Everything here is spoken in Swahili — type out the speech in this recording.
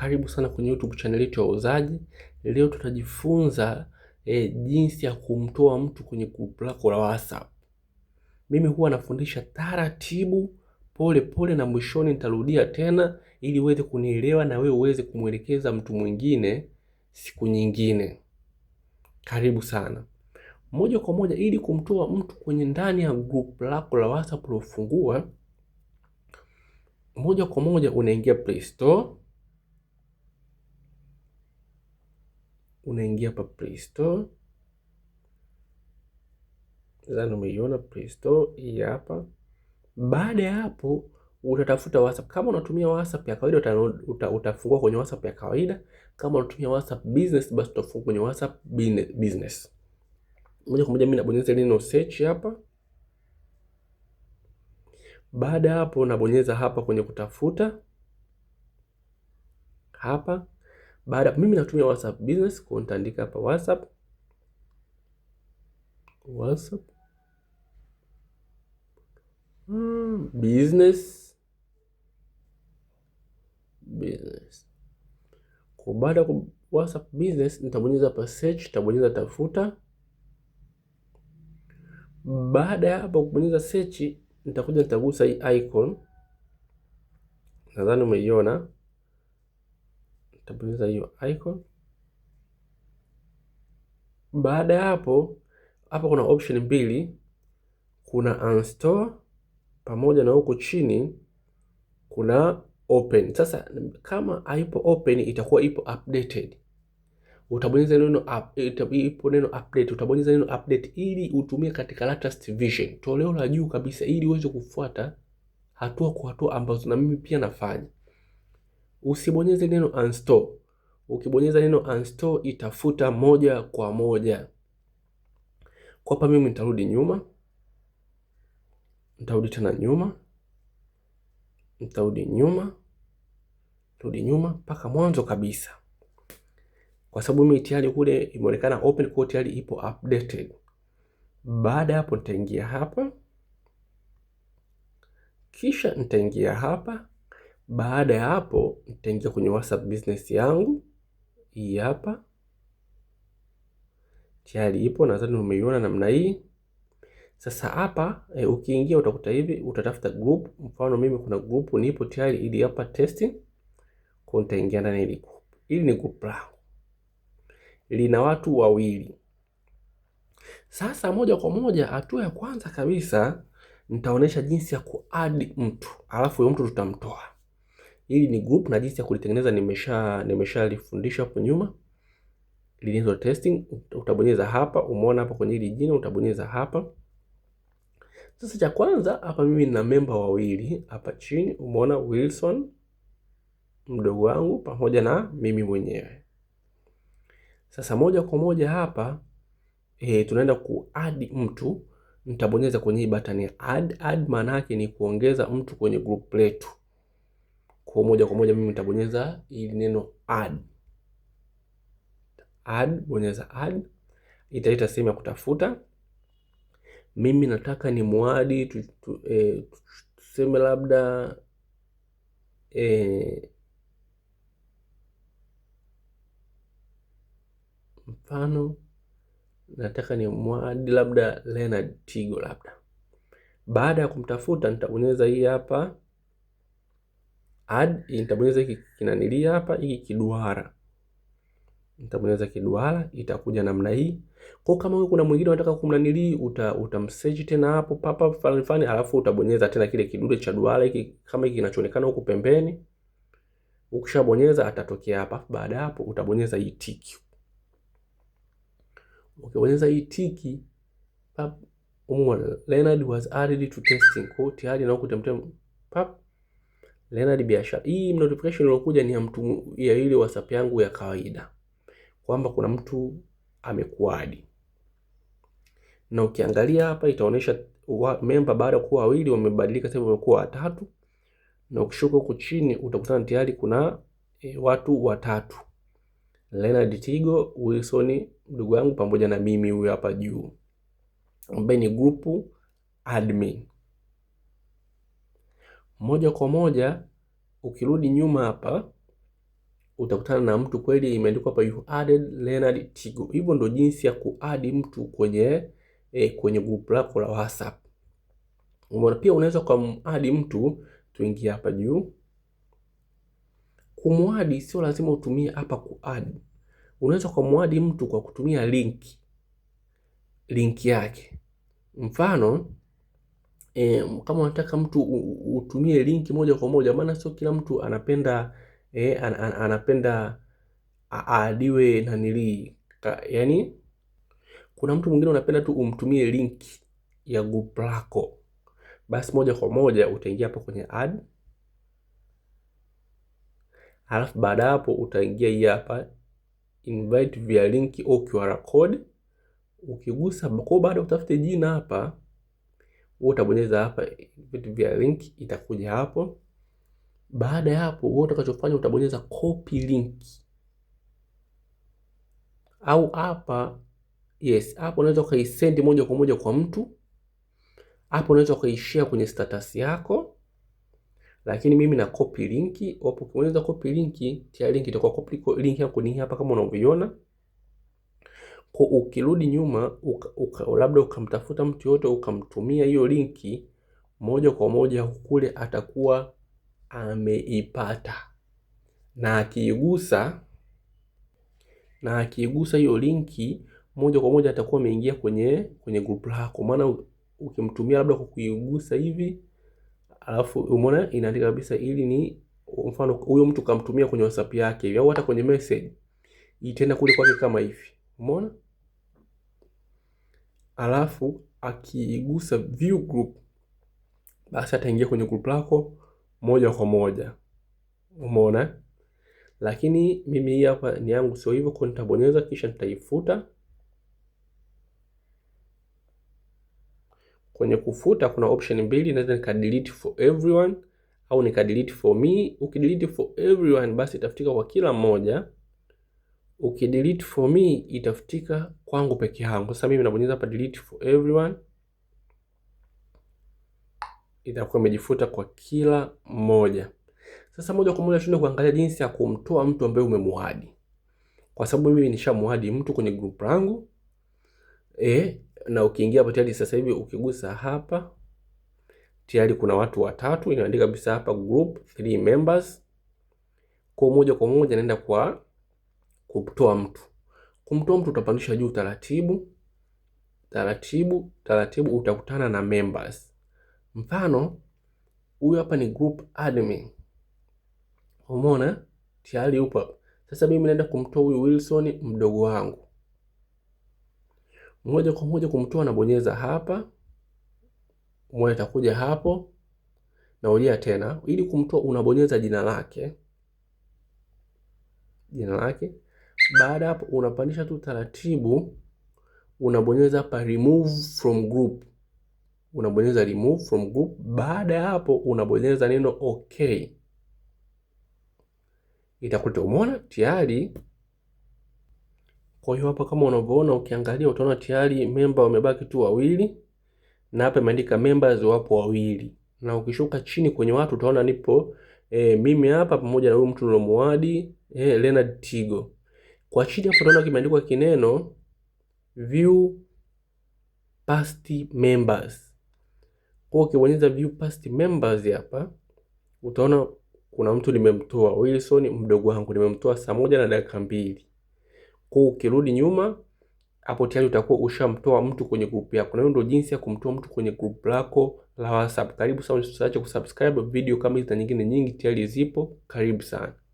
Karibu sana kwenye YouTube channel yetu ya Wauzaji. Leo tutajifunza e, jinsi ya kumtoa mtu kwenye group lako la WhatsApp. Mimi huwa nafundisha taratibu, pole pole, na mwishoni nitarudia tena ili uweze kunielewa na wewe uweze kumwelekeza mtu mwingine siku nyingine. Karibu sana. Moja kwa moja, ili kumtoa mtu kwenye ndani ya group lako la WhatsApp lofungua, moja kwa moja unaingia Play Store unaingia pa Play Store. Nadhani umeiona Play Store hii hapa. Baada ya hapo utatafuta WhatsApp. Kama unatumia WhatsApp ya kawaida uta, utafungua kwenye WhatsApp ya kawaida. Kama unatumia WhatsApp business basi utafungua kwenye WhatsApp business. Moja kwa moja mimi nabonyeza neno search hapa. Baada hapo nabonyeza hapa kwenye kutafuta hapa baada mimi natumia WhatsApp business, kwa nitaandika hapa WhatsApp WhatsApp mm, business business. Kwa baada ya WhatsApp business nitabonyeza hapa search, nitabonyeza tafuta. Baada ya hapo kubonyeza search, nitakuja nitagusa hii icon, nadhani umeiona tabonyeza hiyo icon. Baada ya hapo, hapa kuna option mbili, kuna uninstall pamoja na huko chini kuna open. Sasa kama haipo open itakuwa ipo updated, utabonyeza neno up, ipo neno update, utabonyeza neno update ili utumie katika latest version, toleo la juu kabisa, ili uweze kufuata hatua kwa hatua ambazo na mimi pia nafanya usibonyeze neno uninstall. Ukibonyeza neno uninstall itafuta moja kwa moja. Kwa hapa mimi nitarudi nyuma, nitarudi tena nyuma, nitarudi nyuma, rudi nyuma mpaka mwanzo kabisa, kwa sababu mimi tayari kule imeonekana open kwa tayari ipo updated. Baada ya hapo nitaingia hapa, kisha nitaingia hapa baada ya hapo nitaingia kwenye WhatsApp business yangu hii hapa, tayari ipo, nadhani umeiona namna hii. Sasa hapa e, ukiingia utakuta hivi, utatafuta group. Mfano mimi kuna group nipo tayari, ili hapa testing, kwa nitaingia ndani ile group. Ili ni group langu lina watu wawili. Sasa moja kwa moja, hatua ya kwanza kabisa nitaonesha jinsi ya kuadi mtu, alafu huyo mtu tutamtoa Hili ni group na jinsi ya kulitengeneza nimesha nimeshalifundisha hapo nyuma. Linear testing utabonyeza hapa, umeona hapa kwenye hili jina utabonyeza hapa. Sasa cha kwanza hapa mimi nina member wawili hapa chini, umeona Wilson mdogo wangu pamoja na mimi mwenyewe. Sasa moja kwa moja hapa e, tunaenda kuadi mtu, nitabonyeza kwenye hii button ya add. Add maana yake ni kuongeza mtu kwenye group letu. Kwa moja kwa moja mimi nitabonyeza hili neno add. Add, bonyeza add, italeta sehemu ya kutafuta. Mimi nataka ni muadi tu, tu, eh, tuseme labda eh, mfano nataka ni mwadi labda Leonard Tigo labda. Baada ya kumtafuta nitabonyeza hii hapa add, nitabonyeza hiki kinanilia hapa, hiki kiduara, nitabonyeza kiduara, itakuja namna hii. Kwa kama wewe kuna mwingine unataka kumnanili, uta utamsearch tena hapo papa fulani fulani, alafu utabonyeza tena kile kidude cha duara hiki kama hiki kinachoonekana huku pembeni. Ukishabonyeza atatokea hapa. Baada hapo, utabonyeza hii tiki. Ukibonyeza hii tiki pap, umeona Leonard was added to testing. Kwa hiyo tayari na huku temtem pap Leonard Biashara. Hii notification iliyokuja ni ya mtu ya ile WhatsApp yangu ya kawaida kwamba kuna mtu amekuadi, na ukiangalia hapa itaonyesha memba baada ya kuwa wawili wamebadilika, sasa wamekuwa watatu, na ukishuka huko chini utakutana tayari kuna e, watu watatu Leonard Tigo, Wilson ndugu yangu pamoja na mimi huyu hapa juu, ambaye ni group admin moja kwa moja ukirudi nyuma hapa utakutana na mtu kweli, imeandikwa hapa you added Leonard Tigo. Hivyo ndo jinsi ya kuadi mtu kwenye eh, kwenye group lako la WhatsApp. Umeona, pia unaweza kumadi mtu, tuingie hapa juu. Kumwadi sio lazima utumie hapa kuadi, unaweza kumwadi mtu kwa kutumia link link yake, mfano e, kama unataka mtu utumie linki moja kwa moja, maana sio kila mtu anapenda e, an, an, anapenda aadiwe nanili ka, yani kuna mtu mwingine unapenda tu umtumie link ya group lako, basi moja kwa moja utaingia hapo kwenye add, alafu baada hapo utaingia hii hapa invite via link au QR code. Ukigusa kwa, baada utafute jina hapa wewe utabonyeza hapa vitu vya link, itakuja hapo. Baada ya hapo, wewe utakachofanya utabonyeza copy link au hapa yes, hapo unaweza ukaisend moja kwa moja kwa mtu. Hapo unaweza ukaishare kwenye status yako, lakini mimi na copy link hapo. Ukibonyeza copy link, tayari link itakuwa copy link yako ni hapa kama unavyoiona. Kwa ukirudi nyuma uka, uka, labda ukamtafuta mtu yote ukamtumia hiyo linki moja kwa moja kule atakuwa ameipata, na akiigusa na akiigusa hiyo linki moja kwa moja atakuwa ameingia kwenye kwenye group lako, maana ukimtumia labda kwa kuigusa hivi, alafu umeona inaandika kabisa, ili ni mfano huyo mtu kamtumia kwenye WhatsApp yake au hata kwenye message, itaenda kule kwake kama hivi. Umeona? Alafu akigusa view group basi ataingia kwenye group lako moja kwa moja. Umeona? Lakini mimi hii hapa ni yangu sio hivyo, kwa nitabonyeza kisha nitaifuta. Kwenye kufuta kuna option mbili, naweza nika delete for everyone au nika delete for me. Ukidelete for everyone basi itafutika kwa kila mmoja ukidelete for me itafutika kwangu peke yangu. Sasa mimi nabonyeza hapa delete for everyone, itakuwa imejifuta kwa kila mmoja. Sasa moja kwa moja tuende kuangalia jinsi ya kumtoa mtu ambaye umemuadi, kwa sababu mimi nishamuadi mtu kwenye group langu e, na ukiingia hapo tayari sasa hivi ukigusa hapa tayari kuna watu watatu, inaandika kabisa hapa group 3 members, kwa moja kwa moja naenda kwa kumtoa mtu. Kumtoa mtu utapandisha juu taratibu taratibu taratibu, utakutana na members. Mfano huyu hapa ni group admin, umeona tayari yupo. Sasa mimi naenda kumtoa huyu Wilson mdogo wangu moja kwa moja kumtoa, nabonyeza hapa, mwana itakuja hapo, naujia tena. Ili kumtoa unabonyeza jina lake, jina lake baada hapo unapandisha tu taratibu, unabonyeza pa remove from group, unabonyeza remove from group. Baada ya hapo unabonyeza neno okay, itakuta umeona tayari. Kwa hiyo hapa kama unavyoona, ukiangalia utaona tayari memba wamebaki tu wawili, na hapa imeandika members wapo wawili, na ukishuka chini kwenye watu utaona nipo e, mimi hapa pamoja na huyu mtu nilomuadi e, eh, Leonard Tigo. Kwa chini hapo tunaona kimeandikwa kineno view past members. Kwa ukibonyeza view past members hapa utaona kuna mtu nimemtoa Wilson mdogo wangu nimemtoa saa moja na dakika mbili. Kwa ukirudi nyuma hapo tayari utakuwa ushamtoa mtu kwenye group yako. Na hiyo ndio jinsi ya kumtoa mtu kwenye group lako la WhatsApp. Karibu sana, usiache kusubscribe video kama hizi na nyingine nyingi tayari zipo. Karibu sana.